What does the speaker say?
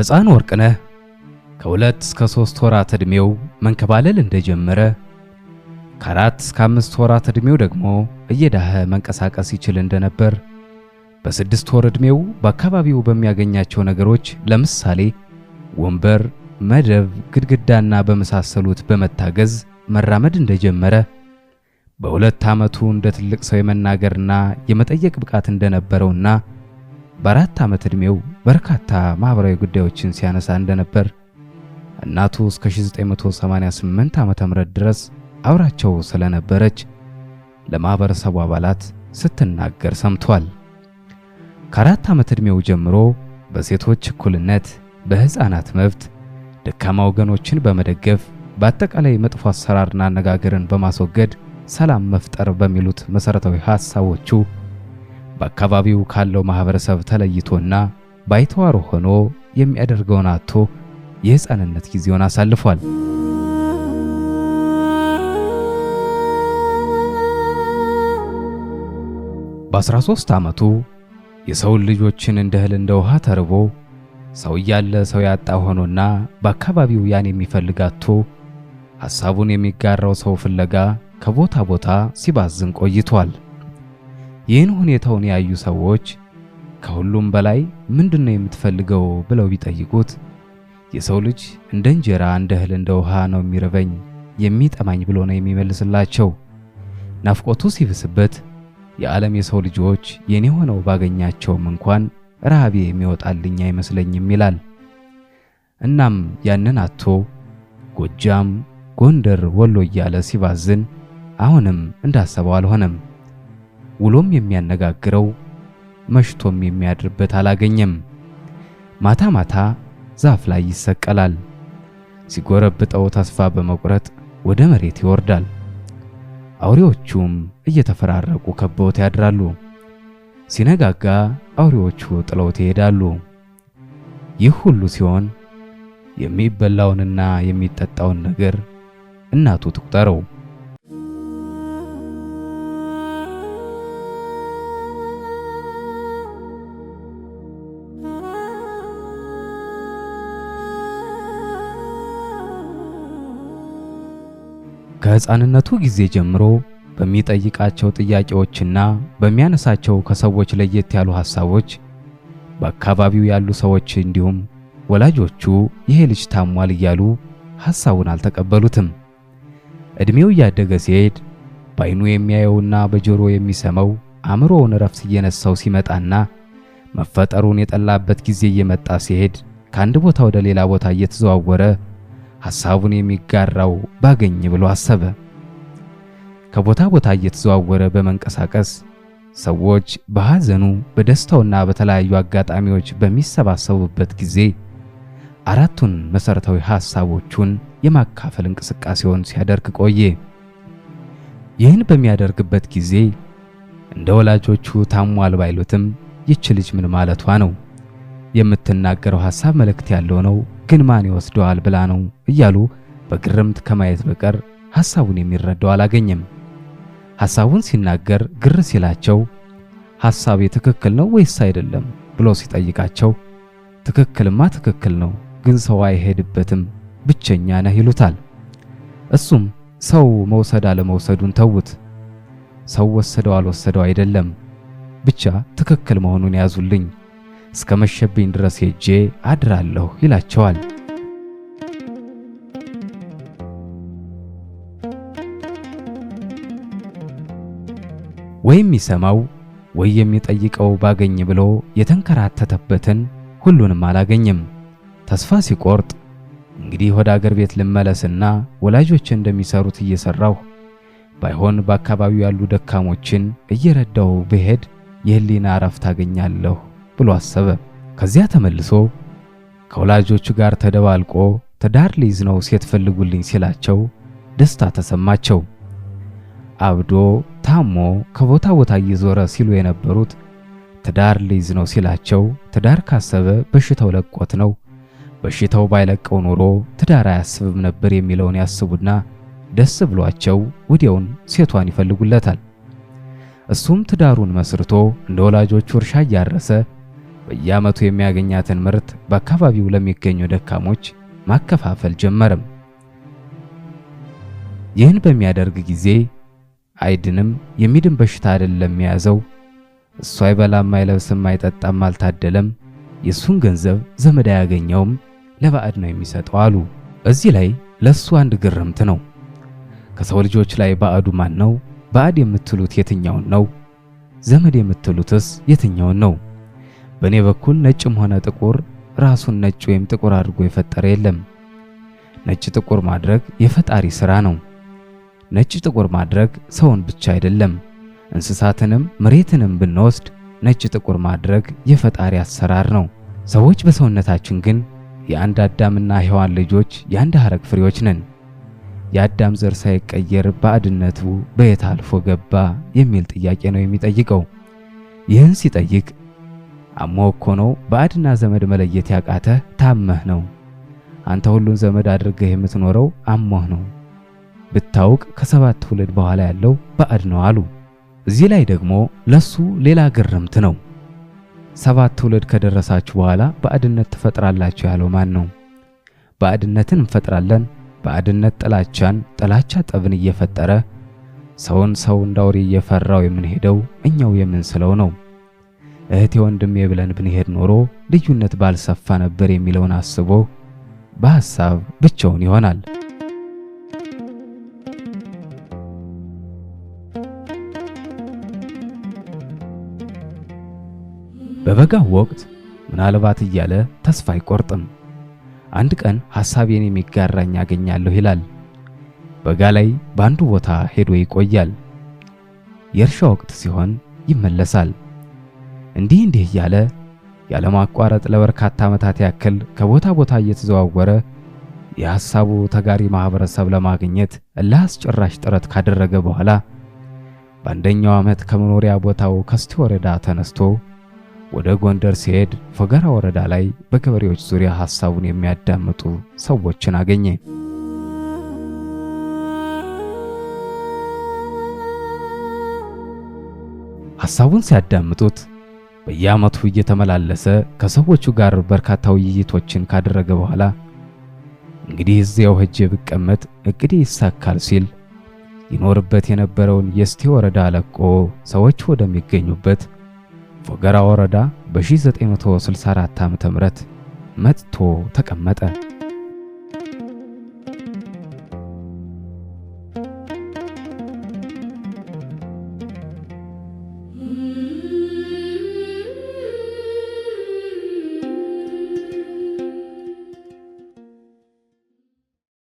ሕፃን ወርቅነህ ከሁለት እስከ ሦስት ወራት ዕድሜው መንከባለል እንደጀመረ ከአራት እስከ አምስት ወራት ዕድሜው ደግሞ እየዳኸ መንቀሳቀስ ይችል እንደነበር በስድስት ወር ዕድሜው በአካባቢው በሚያገኛቸው ነገሮች ለምሳሌ ወንበር፣ መደብ፣ ግድግዳና በመሳሰሉት በመታገዝ መራመድ እንደጀመረ በሁለት ዓመቱ እንደ ትልቅ ሰው የመናገርና የመጠየቅ ብቃት እንደነበረውና በአራት ዓመት ዕድሜው በርካታ ማህበራዊ ጉዳዮችን ሲያነሳ እንደነበር እናቱ እስከ 1988 ዓመተ ምህረት ድረስ አብራቸው ስለነበረች ለማህበረሰቡ አባላት ስትናገር ሰምቷል። ከአራት ዓመት ዕድሜው ጀምሮ በሴቶች እኩልነት፣ በሕፃናት መብት፣ ደካማ ወገኖችን በመደገፍ በአጠቃላይ መጥፎ አሰራርና አነጋገርን በማስወገድ ሰላም መፍጠር በሚሉት መሠረታዊ ሐሳቦቹ በአካባቢው ካለው ማህበረሰብ ተለይቶና ባይተዋር ሆኖ የሚያደርገውን አቶ የህፃንነት ጊዜውን አሳልፏል። በ13 ዓመቱ የሰውን ልጆችን እንደ እህል እንደ ውሃ ተርቦ ሰው እያለ ሰው ያጣ ሆኖና በአካባቢው ያን የሚፈልግ አቶ ሐሳቡን የሚጋራው ሰው ፍለጋ ከቦታ ቦታ ሲባዝን ቆይቷል። ይህን ሁኔታውን ያዩ ሰዎች ከሁሉም በላይ ምንድን ነው የምትፈልገው ብለው ቢጠይቁት የሰው ልጅ እንደ እንጀራ እንደ እህል እንደ ውሃ ነው የሚርበኝ የሚጠማኝ ብሎ ነው የሚመልስላቸው። ናፍቆቱ ሲብስበት የዓለም የሰው ልጆች የኔ ሆነው ባገኛቸውም እንኳን ረሃቤ የሚወጣልኝ አይመስለኝም ይላል። እናም ያንን አቶ ጎጃም፣ ጎንደር፣ ወሎ እያለ ሲባዝን አሁንም እንዳሰበው አልሆነም። ውሎም የሚያነጋግረው መሽቶም የሚያድርበት አላገኘም። ማታ ማታ ዛፍ ላይ ይሰቀላል። ሲጎረብጠው ተስፋ በመቁረጥ ወደ መሬት ይወርዳል። አውሬዎቹም እየተፈራረቁ ከበውት ያድራሉ። ሲነጋጋ አውሬዎቹ ጥለውት ይሄዳሉ። ይህ ሁሉ ሲሆን የሚበላውንና የሚጠጣውን ነገር እናቱ ትቁጠረው። ከሕፃንነቱ ጊዜ ጀምሮ በሚጠይቃቸው ጥያቄዎችና በሚያነሳቸው ከሰዎች ለየት ያሉ ሐሳቦች በአካባቢው ያሉ ሰዎች እንዲሁም ወላጆቹ ይሄ ልጅ ታሟል እያሉ ሐሳቡን አልተቀበሉትም። ዕድሜው እያደገ ሲሄድ በዓይኑ የሚያየውና በጆሮ የሚሰማው አእምሮውን እረፍት እየነሳው ሲመጣና መፈጠሩን የጠላበት ጊዜ እየመጣ ሲሄድ ከአንድ ቦታ ወደ ሌላ ቦታ እየተዘዋወረ ሐሳቡን የሚጋራው ባገኝ ብሎ አሰበ። ከቦታ ቦታ እየተዘዋወረ በመንቀሳቀስ ሰዎች በሐዘኑ በደስታውና በተለያዩ አጋጣሚዎች በሚሰባሰቡበት ጊዜ አራቱን መሠረታዊ ሐሳቦቹን የማካፈል እንቅስቃሴውን ሲያደርግ ቆየ። ይህን በሚያደርግበት ጊዜ እንደ ወላጆቹ ታሟል ባይሉትም ይች ልጅ ምን ማለቷ ነው? የምትናገረው ሐሳብ መልእክት ያለው ነው፣ ግን ማን ይወስደዋል ብላ ነው እያሉ በግርምት ከማየት በቀር ሐሳቡን የሚረዳው አላገኘም። ሐሳቡን ሲናገር ግር ሲላቸው ሐሳቤ ትክክል ነው ወይስ አይደለም ብሎ ሲጠይቃቸው ትክክልማ ትክክል ነው፣ ግን ሰው አይሄድበትም ብቸኛ ነህ ይሉታል። እሱም ሰው መውሰድ አለመውሰዱን ተውት፣ ሰው ወሰደው አልወሰደው አይደለም ብቻ ትክክል መሆኑን ያዙልኝ እስከ መሸብኝ ድረስ ሄጄ አድራለሁ ይላቸዋል። ወይም የሚሰማው ወይ የሚጠይቀው ባገኝ ብሎ የተንከራተተበትን ሁሉንም አላገኝም። ተስፋ ሲቆርጥ እንግዲህ ወደ አገር ቤት ልመለስና ወላጆች እንደሚሰሩት እየሰራሁ ባይሆን በአካባቢው ያሉ ደካሞችን እየረዳው ብሄድ የህሊና እረፍት አገኛለሁ ብሎ አሰበ። ከዚያ ተመልሶ ከወላጆቹ ጋር ተደባልቆ ትዳር ሊይዝ ነው ሴት ፈልጉልኝ ሲላቸው ደስታ ተሰማቸው። አብዶ ታሞ ከቦታ ቦታ እየዞረ ሲሉ የነበሩት ትዳር ሊይዝ ነው ሲላቸው ትዳር ካሰበ በሽታው ለቆት ነው። በሽታው ባይለቀው ኖሮ ትዳር አያስብም ነበር የሚለውን ያስቡና ደስ ብሏቸው ወዲያውን ሴቷን ይፈልጉለታል። እሱም ትዳሩን መስርቶ እንደ ወላጆቹ እርሻ እያረሰ በየዓመቱ የሚያገኛትን ምርት በአካባቢው ለሚገኙ ደካሞች ማከፋፈል ጀመረም። ይህን በሚያደርግ ጊዜ አይድንም። የሚድን በሽታ አይደለም የያዘው። እሱ አይበላም፣ አይለብስም፣ አይጠጣም፣ አልታደለም። የሱን ገንዘብ ዘመድ አያገኘውም፣ ለባዕድ ነው የሚሰጠው አሉ። እዚህ ላይ ለሱ አንድ ግርምት ነው። ከሰው ልጆች ላይ ባዕዱ ማን ነው? ባዕድ የምትሉት የትኛውን ነው? ዘመድ የምትሉትስ የትኛውን ነው? በእኔ በኩል ነጭም ሆነ ጥቁር ራሱን ነጭ ወይም ጥቁር አድርጎ የፈጠረ የለም። ነጭ ጥቁር ማድረግ የፈጣሪ ሥራ ነው። ነጭ ጥቁር ማድረግ ሰውን ብቻ አይደለም፣ እንስሳትንም መሬትንም ብንወስድ ነጭ ጥቁር ማድረግ የፈጣሪ አሰራር ነው። ሰዎች በሰውነታችን ግን የአንድ አዳምና ሔዋን ልጆች የአንድ ሐረግ ፍሬዎች ነን። የአዳም ዘር ሳይቀየር ባዕድነቱ በየት አልፎ ገባ የሚል ጥያቄ ነው የሚጠይቀው። ይህን ሲጠይቅ አሞኮ ነው ባዕድና ዘመድ መለየት ያቃተ ታመህ ነው። አንተ ሁሉን ዘመድ አድርገህ የምትኖረው አሞህ ነው። ብታውቅ ከሰባት ትውልድ በኋላ ያለው ባዕድ ነው አሉ። እዚህ ላይ ደግሞ ለሱ ሌላ ግርምት ነው። ሰባት ትውልድ ከደረሳችሁ በኋላ ባዕድነት ትፈጥራላችሁ ያለው ማን ነው? ባዕድነትን እንፈጥራለን። ባዕድነት ጥላቻን፣ ጥላቻ ጠብን እየፈጠረ ሰውን ሰው እንዳውሬ እየፈራው የምንሄደው እኛው የምንስለው ነው። እህቴ ወንድሜ ብለን ብንሄድ ኖሮ ልዩነት ባልሰፋ ነበር የሚለውን አስቦ በሐሳብ ብቻውን ይሆናል። በበጋው ወቅት ምናልባት እያለ ተስፋ አይቆርጥም። አንድ ቀን ሐሳቤን የሚጋራኝ ያገኛለሁ ይላል። በጋ ላይ በአንዱ ቦታ ሄዶ ይቆያል። የእርሻ ወቅት ሲሆን ይመለሳል። እንዲህ እንዲህ እያለ ያለማቋረጥ ለበርካታ ዓመታት ያክል ከቦታ ቦታ እየተዘዋወረ የሐሳቡ ተጋሪ ማህበረሰብ ለማግኘት ለአስጨራሽ ጥረት ካደረገ በኋላ በአንደኛው ዓመት ከመኖሪያ ቦታው ከስቲ ወረዳ ተነስቶ ወደ ጎንደር ሲሄድ ፎገራ ወረዳ ላይ በገበሬዎች ዙሪያ ሐሳቡን የሚያዳምጡ ሰዎችን አገኘ። ሐሳቡን ሲያዳምጡት በየዓመቱ እየተመላለሰ ከሰዎቹ ጋር በርካታ ውይይቶችን ካደረገ በኋላ እንግዲህ እዚያው ሄጄ ብቀመጥ እቅዴ ይሳካል ሲል ይኖርበት የነበረውን የእስቴ ወረዳ ለቆ ሰዎች ወደሚገኙበት ፎገራ ወረዳ በ1964 ዓ.ም መጥቶ ተቀመጠ።